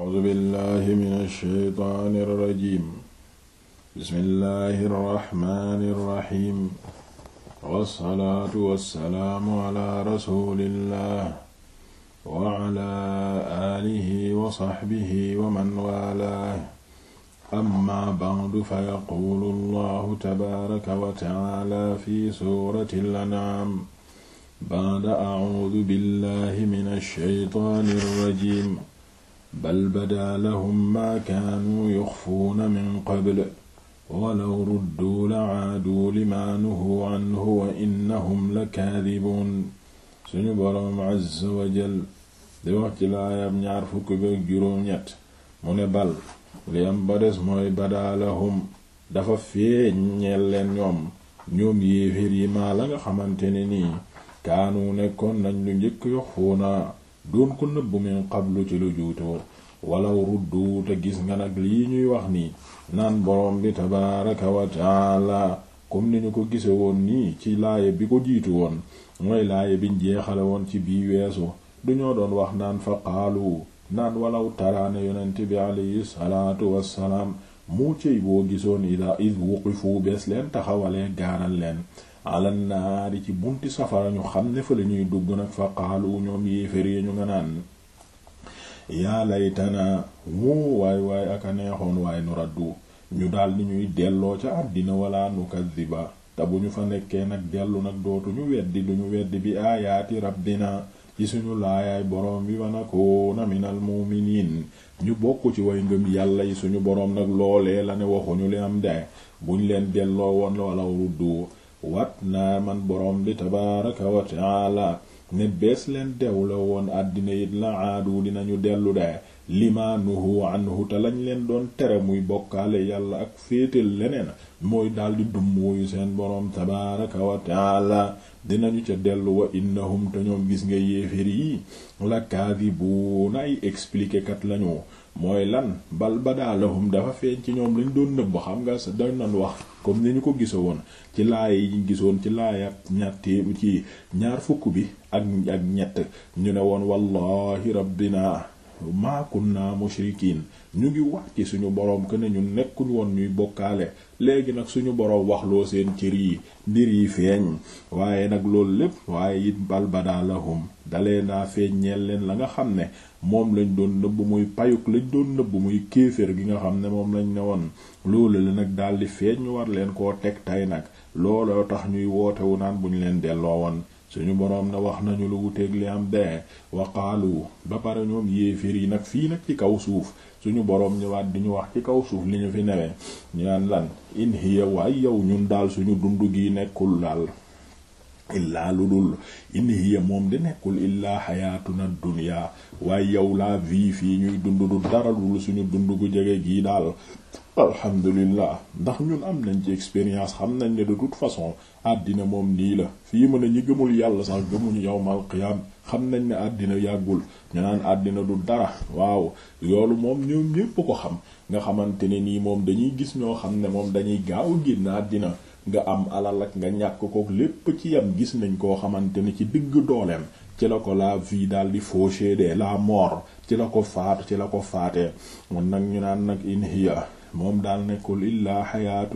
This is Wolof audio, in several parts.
A'uuzu billaahi mina shaytaani rajiim. Bismillaahi rahmaani rahiim. Wassalaatu wassalaamu alaa rasuulillaah wa alaa aalihi wa sahbihi wa man waalaah. Ammaa ba'du fayaquulu Allaahu tabaaraka wa ta'aalaa fi suuratil an'aam ba'da a'uuzu billaahi mina shaytaani rajiim. bal badaa lahum maa kaanuu yuxfuuna min qabl walaw rudduu la caaduu limaa nuhuu canhu wa innahum la kaadibuun suñu boroom azza wa jal wax ci laayam ñaar fukki beeg juróom-ñett mu ne bal li am ba mooy badaa lahum dafa feeñ leen ñoom ñoom yéeféer yi maa la nga xamante ne nii kaanu nekkoon nañ lu njëkk yoxfuuna doon ko nëbb min qablu ci lu juutoo walaw ruddu te gis nga nag lii ñuy wax ni naan borom bi tabaaraka wa taala comme ni ñu ko gise woon nii ci laaya bi ko jiitu woon mooy laaya biñ jeexale woon ci bii weesu duñoo doon wax naan fa qaalu naan walaw taraane yonent bi alayhi salaatu wassalaam mu cëy boo gisoon ida id wuqifu bees leen taxawalee gaaral leen ala naari ci bunti safara ñu xam ne fa la ñuy dugg nag fa qaalu ñoom yéefér yi ñu nga naan yaa laytana wuu waay waay ak a neexoon waay nu raddu ñu daal di ñuy delloo ca àddina wala nu kaddiba te bu ñu fa nekkee nag dellu nag dootuñu weddi duñu weddi bi aayaati rabbina ci suñu laayaay boroom bi wanakoona minal mu'miniin ñu bokk ci way ngëm yàlla yi suñu boroom nag loolee la ne waxu ñu li am de buñ leen delloo woon wala ruddu wat naa man borom bi tabaaraka wa taala ne bees leen dew la woon àddina it la dina ñu dellu de lima nuhu anhu te lañ leen doon tere muy bokkaale yàlla ak féetal leneen mooy daldi dummóoyu seen borom tabaaraka wa taala dinañu ca dellu wa innahum te ñoom gis nga yéefér yi la kaadibuuna ay expliqué kat lañu mooy lan bal badaalahum dafa feeñ ci ñoom lañ doon nëbb xam nga sa dañ doon wax comme ni ñu ko gisa woon ci laaya yi ñu gisoon ci laaya ñetti ci ñaar fukk bi ak ak ñett ñu ne woon wallahi rabbina ma kunna mushrikiin ñu ngi wax suñu boroom que ne nekkul woon ñuy bokkaale léegi nag suñu boroom waxloo seen cër yi mbir yi feeñ waaye nag loolu lépp waaye it bal badaa lahum dalee naa feeñ ñeel leen la nga xam ne moom lañ doon nëbb muy payuk lañ doon nëbb muy kéeféer gi nga xam ne moom lañ ne woon loolu la nag daldi feeñ ñu war leen koo teg tay nag looloo tax ñuy wootewu naan bu ñu leen delloo woon suñu boroom na wax nañu lu wuteeg li am de waqaalu ba pare ñoom yéefér yi nag fii nag ci kaw suuf suñu boroom ñëwaat di ñu wax ci kaw suuf li ñu fi newee ñu naan lan in hiya yow ñun daal suñu dund gi nekkul daal illaa lu dul in moom di nekkul illaa xayaatuna dunya waaye yow la vie fii ñuy dund du dara dul suñu dund gu jege gii daal alhamdulillah ndax ñun am nañ ci expérience xam nañ ne de toute façon àddina moom nii la fii mën a ñi gëmul yàlla sax gëmuñu yawmal qiyaam xam nañ ne àddina yàggul ñu naan àddina du dara waaw yoolu moom ñoom ñépp ko xam nga xamante ne nii moom dañuy gis ñoo xam ne moom dañuy gaaw génn àddina nga am alal ak nga ñàkk ko lépp ci yam gis nañ koo xamante ne ci digg dooleem ci la ko la vie daal di fauché de la mort ci la ko faat ci la ko faate mun nag ñu naan nag in moom daal nekkul illaa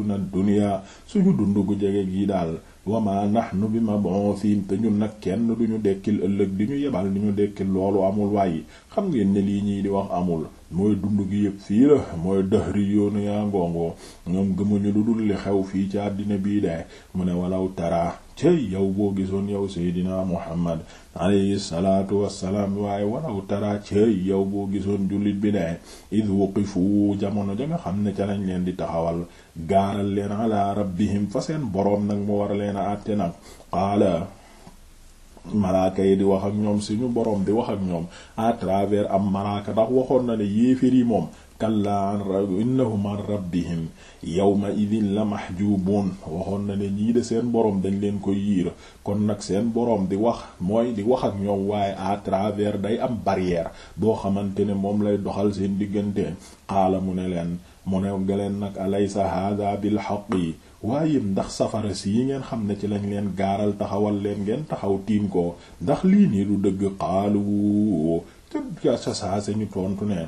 na dunya suñu dund gu jege gi daal nax nahnu bi mab'uthin te ñun nag kenn duñu dekkil ëllëg di ñu yebal di ñu dekkil loolu amul waaye xam ngeen ne lii ñii di wax amul mooy dund gi yëpp fii la mooy dëhri yoonu yaa ngoongoo ñoom gëmuñu lu dul li xew fii ci àddina bii de mu ne walaw tara tey yow boo gisoon yow seydinaa muhammad alayhi salaatu wassalaam waaye walaw taraa cey yow boo gisoon jullit bi ne id wuqifu jamono ja nga xam ne ca lañ leen di taxawal gaaral leen ala rabbihim fa seen boroom nag mu war leen a àtte nag qaala malaaka yi di wax ak ñoom suñu boroom di wax ak ñoom à travers am malaaka ndax waxoon na ne yéefér yi moom kallaa an rabbi innahum an rabbihim yawma idin la mahjubuun waxoon na ne ñii de seen boroom dañ leen ko yiir kon nag seen boroom di wax mooy di wax ak ñoom waaye à travers day am barrière boo xamante ne moom lay doxal seen diggante xaala mu ne leen mu ne galeen nag alaysa hada bil haqqi waaye ndax safara si ngeen xam ne ci lañ leen gaaral taxawal leen ngeen taxaw tiim ko ndax lii nii du dëgg xaalu te sa saa si ñu tontu ne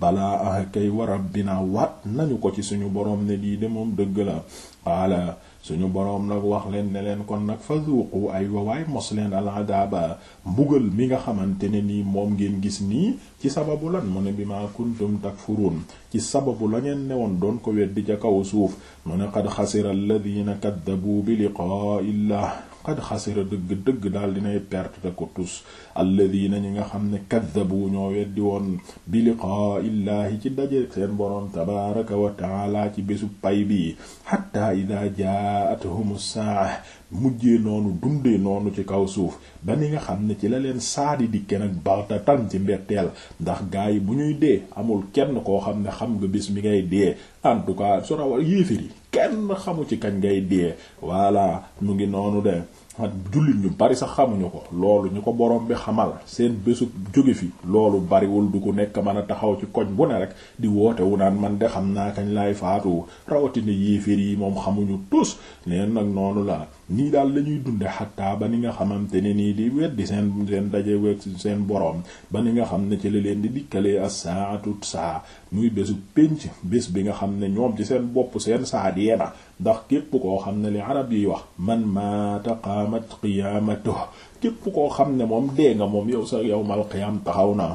balaa ah kay wa binaa waat nañu ko ci suñu boroom ne lii de moom dëgg la qaala suñu boroom nag wax leen ne kon nag fa zuuqu ay wawaay mos leen aladaaba mbugal mi nga xamante ne nii moom ngeen gis nii ci sababu lan mu ne bi ma kuntum takfurun ci sababu la ngeen woon doon ko weddi ca kaw suuf mu ne qad xasira alladina kaddabu bi liqaa illah qad xasira dëgg-dëgg daal dinay perte te ko tus alladina ñi nga xam ne kaddabu ñoo weddi woon bi liqaa illaahi ci daje seen boroom tabaraka wa taala ci bésu pay bi xatta ida jaatuhum saa mujjee noonu dundee noonu ci kaw suuf ba ni nga xam ne ci la leen saadi dikke nag baxta tan ci mbetteel ndax gaa yi bu ñuy dee amul kenn koo xam ne xam nga bés bi ngay dee en tout cas su rawal yéefér yi kenn xamu ci kañ ngay dee voilà mu ngi noonu de jullit ñu bari sax xamuñu ko loolu ñu ko borom bi xamal seen bésu jóge fi loolu bariwul du ku nekk mën a taxaw ci koñ bu ne rek di wootewu wu naan man de xam naa kañ laay faatu rawatina yéeféer yi moom xamuñu tus neen nag noonu laa nii daal la ñuy dunde xattaa ba ni nga xamante ne nii di weddi seen seen daje weeg seen boroom ba ni nga xam ne ci la leen di dikkalee as-saatu saa muy bésu pénc bés bi nga xam ne ñoom ci seen bopp seen saa dee na ndax képp koo xam ne li arab yi wax man maata qaamat qiyaamatuh képp koo xam ne moom dee nga moom yow sa yawmal qiyaam taxaw naa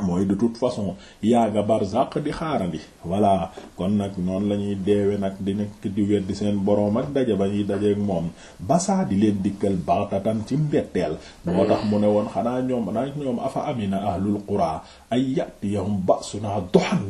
mooy de toute façon yaa nga barzaq di xaarandi voilà kon nag noonu lañuy ñuy nag di nekk di weddi seen boroom ak daje ba ñuy dajeek moom basaa di leen dikkal baxtatan ci mbetteel moo tax mu ne woon xanaa ñoom nag ñoom afa amina ahlul qura ay yatiyahum ba'suna duhan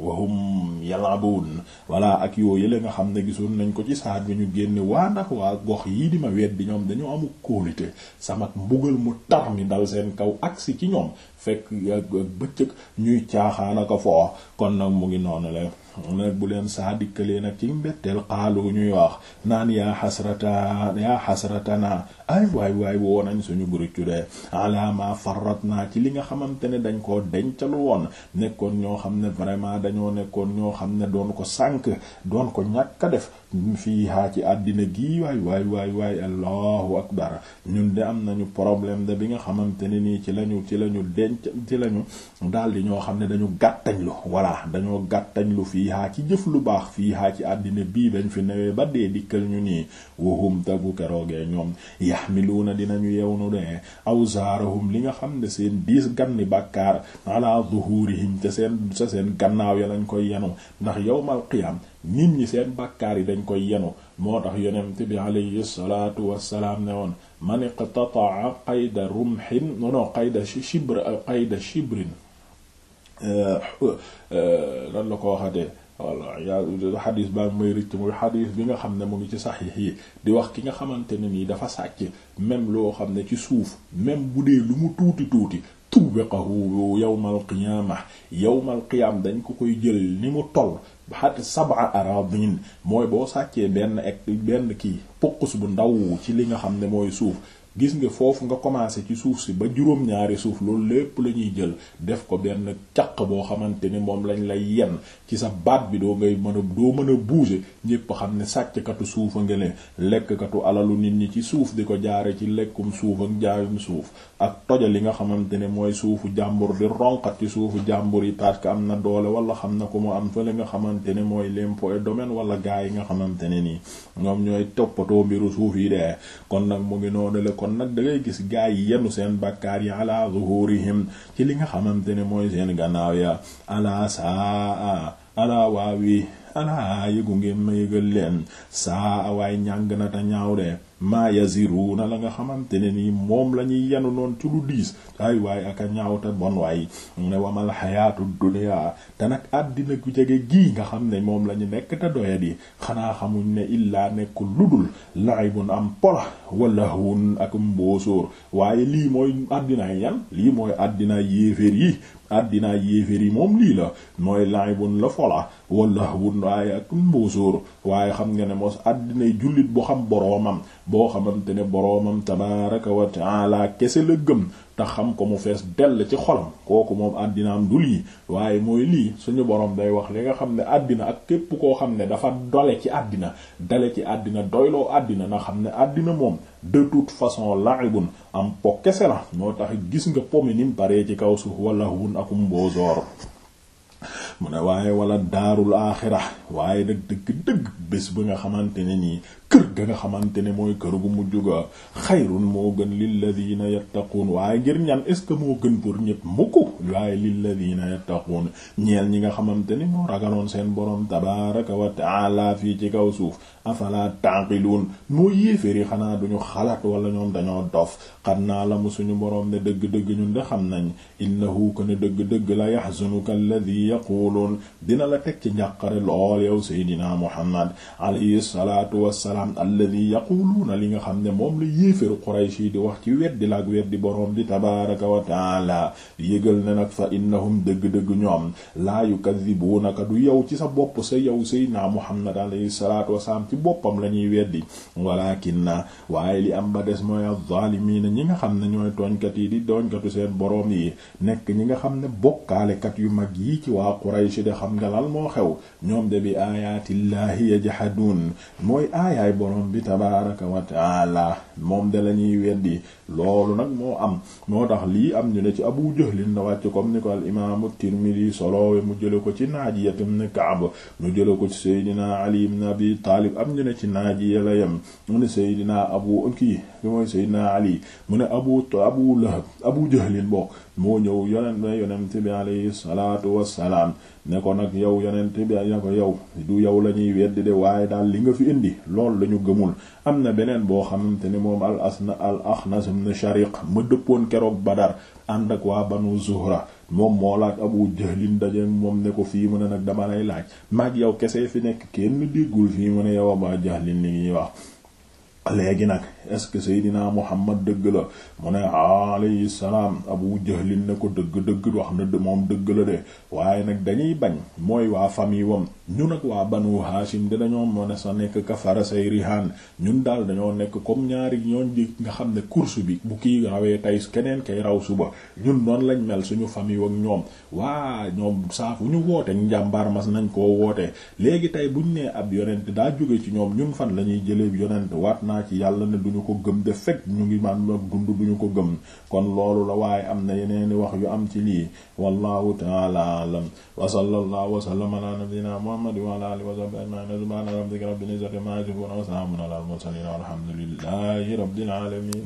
wa hum hum yalabun voilà ak yoo yële nga xam ne gisoon nañ ko ci saat bi ñu génnee waa ndax waa gox yii di ma bi ñoom dañoo amu kóolite sama mbugal mu tar mi dal seen kaw agsi ci ñoom fekk ak euh, bëccëg ñuy caaxaan ak a foo kon nag mu ngi noonu leen nag bu leen saa dikkalee nag ci mbetteel xaalu ñuy wax naan yaa xasrata yaa xasratana ay waay waay woo nañ suñu guriccu de alaama farat naa ci li nga xamante ne dañ koo dencalu woon nekkoon ñoo xam ne vraiment dañoo nekkoon ñoo xam ne doon ko sànk doon ko ñàkk a def fii haa ci àddina gii waay waay waay waay allahu akbar ñun de am nañu problème de bi nga xamante ne nii ci lañu ci lañu denc ci lañu daldi ñoo xam ne dañu gàttañ lu dañoo gàttañ fii fii haa ci jëf lu baax fii ci àddina bii bañ fi newee ba dee dikkal ñu nii wahum te bu keroogee ñoom yaxmiluuna dinañu yewnu dee awzaarahum li nga xam ne seen diis ganni bàkkaar ala zuhurihim te seen sa seen gannaaw ya lañ koy yenu ndax yawmal qiyaam nit ñi seen bàkkaar yi dañ koy yenu moo tax yonent bi alayhi salaatu wassalaam ne woon man iqtataa qayda rumhin nono qayda shibr qayda shibrin Euh, euh, lan la ko wax waxatee voilà yaa xadis baa may rëcc muy xadis bi nga xam ne mu ngi ci saxiix yi di wax ki nga xamante ne nii dafa sàcc même loo xam ne ci suuf même bu dee lu mu tuuti tuuti tubiqahu yawmal qiyaama yawmal qiyaam dañ ko koy jël ni mu toll xat sab'a aradin mooy boo sàccee benn ek benn kii poqus bu ndaw ci li nga xam ne mooy suuf gis nga foofu nga commencé ci suuf si ba juróom-ñaari suuf loolu lépp la ñuy jël def ko benn caq boo xamante ni moom lañ lay yenn ci sa baat bi doo ngay mën a doo mën a bouger ñépp xam ne sàcckatu suufa nga leen lekkkatu alalu nit ñi ci suuf di ko jaare ci lekkum suuf ak jaayum suuf ak toja li nga xamante ne mooy suufu jàmbur di ronqat ci suufu jàmbur yi parce am na doole wala xam na ko mu am fa li nga xamante ne mooy l'impôt et domaine wala gaa yi nga xamante ne nii ñoom ñooy toppatoo mbiru suuf yi kon nag dangay gis gaa yi yenu seen bakkaar yi ala zuhurihim ci li nga xamante ne mooy seen gannaaw ya ala saa ala waawi ala yëgu ngeen ma yëgal leen saa waay ñàng na te ñaaw de maa na la nga xamante ne nii moom la ñuy yenu noon ci lu diis ay ak aka ñaawte bon waay ne wamal xayaatu dunya te nag àddina gu jege gii nga xam ne moom la ñu nekk te yi xanaa xamuñ ne illaa nekk ludul laibun am pola walahun ak waaye lii àddina yan lii àddina yéeféer yi àddina yéeféer yi moom lii mooy laibun la fola walahun waaye ak mboosóor waaye xam nga ne mos àddinay jullit bu xam boroomam boo xamante ne boroomam tabaraka wa taala kese la gëm te xam ko mu fees dell ci xolam kooku moom am du lii waaye mooy lii suñu borom day wax li nga xam ne àddina ak képp koo xam ne dafa dole ci àddina dale ci àddina doyloo àddina na xam ne àddina moom de toute façon la'ibun am po kese la moo tax gis nga pomi nim paree ci kaw suuf wala wun akum boozoor mu ne waaye wala daarul aaxira waaye nag dëgg dëgg bés ba nga xamante nii kër ga nga xamante ne mooy kër gu mujj ga xayrun moo gën lilladina yattaquun waaye ngir ñan est ce que moo gën pour ñëpp mukk waaye lilladina yattaquun ñeel ñi nga xamante ni ragaloon seen borom tabaraka wa taala fii ci kaw suuf afala taqilun moo yéeféri xanaa duñu xalaat wala ñoom dañoo dof xam naa la mu suñu boroom ne dëgg-dëgg ñun de xam nañ innahu kana dëgg-dëgg la yahzunuka alladhi yaqulun dina la teg ci njàqare lool yow muhammad alayhi salatu wassalam xam alladi yaquluuna li nga xam ne moom la yéeféru Quraysh yi di wax ci weddi la ak weddi boroom di tabaaraka wa taala yëgal ne nag fa innahum dëgg-dëgg ñoom laa yukadibuunaka du yow ci sa bopp sa yow sayyidina Muhammad alayhi salaatu wasalaam ci boppam la ñuy weddi walaakinna waaye li am ba des mooy az-zaalimiina ñi nga xam ne ñooy tooñkat yi di tooñkatu seen boroom yi nekk ñi nga xam ne bokkaalekat yu mag yi ci waa Quraysh de xam nga lan moo xew ñoom de bi aayaatillaahi yajhaduun mooy aayaay ay borom bi tabaaraka wa taala moom de la ñuy weddi loolu nag moo am moo tax lii am ñu ne ci Abu Jahlin na wàcc comme ni ko al imaamu Tirmidi soloowe mu jële ko ci Naajiya ibn Ka'b mu jële ko ci Seydina Ali ibn Abi Taalib am ñu ne ci Naajiya la yem mu ne Abu kii li mooy Seydina Ali mu ne Abu Abu Lahab Abu Jahlin moo ñëw yonent yonent bi alayhi salaatu wassalaam ne ko nag yow yonent bi ne ko yow du yow la ñuy weddi de waaye daal li nga fi indi lool la ñu gëmul am na beneen boo xamante ne moom al asna al axnas ibn shariq ma dëppoon keroog badar ànd ak waa banu zuhra moom moo laaj abu jahlin daje moom ne ko fii mu ne nag dama lay laaj maag yow kese fi nekk kenn déggul fii mu ne yow abu jahlin li ñuy wax léegi nag est-ce que Seydina Muhammad dëgg la mu ne alayhi salaam Abu Jahlin ne ko dëgg-dëgg wax na moom dëgg la de waaye nag dañuy bañ mooy waa famille wam ñu nag waa Banu Haashim de dañoo moo ne sa nekk kafara say rihaan ñun daal dañoo nekk comme ñaari ñooñ di nga xam ne kurs bi bu kii rawee tey keneen kay raw suba ñun noonu lañ mel suñu famille wak ñoom waa ñoom saa ñu woote njàmbaar mas nañ koo wootee léegi tey buñ nee ab yonent daa jóge ci ñoom ñun fan la ñuy jëlee yonent waat naa ci yàlla ne duñu ko gëm de fekk ñu ngi man ak dund duñu ko gëm kon loolu la waaye am na yeneeni wax yu am ci lii wallahu ta'ala a'lam wa sallallahu wa sallama ala nabiyyina muhammad wa ala alihi wa sahbihi ajma'in subhana rabbika rabbil a amma yasifun wa salamun ala al mursalin walhamdulillahi rabbil alamin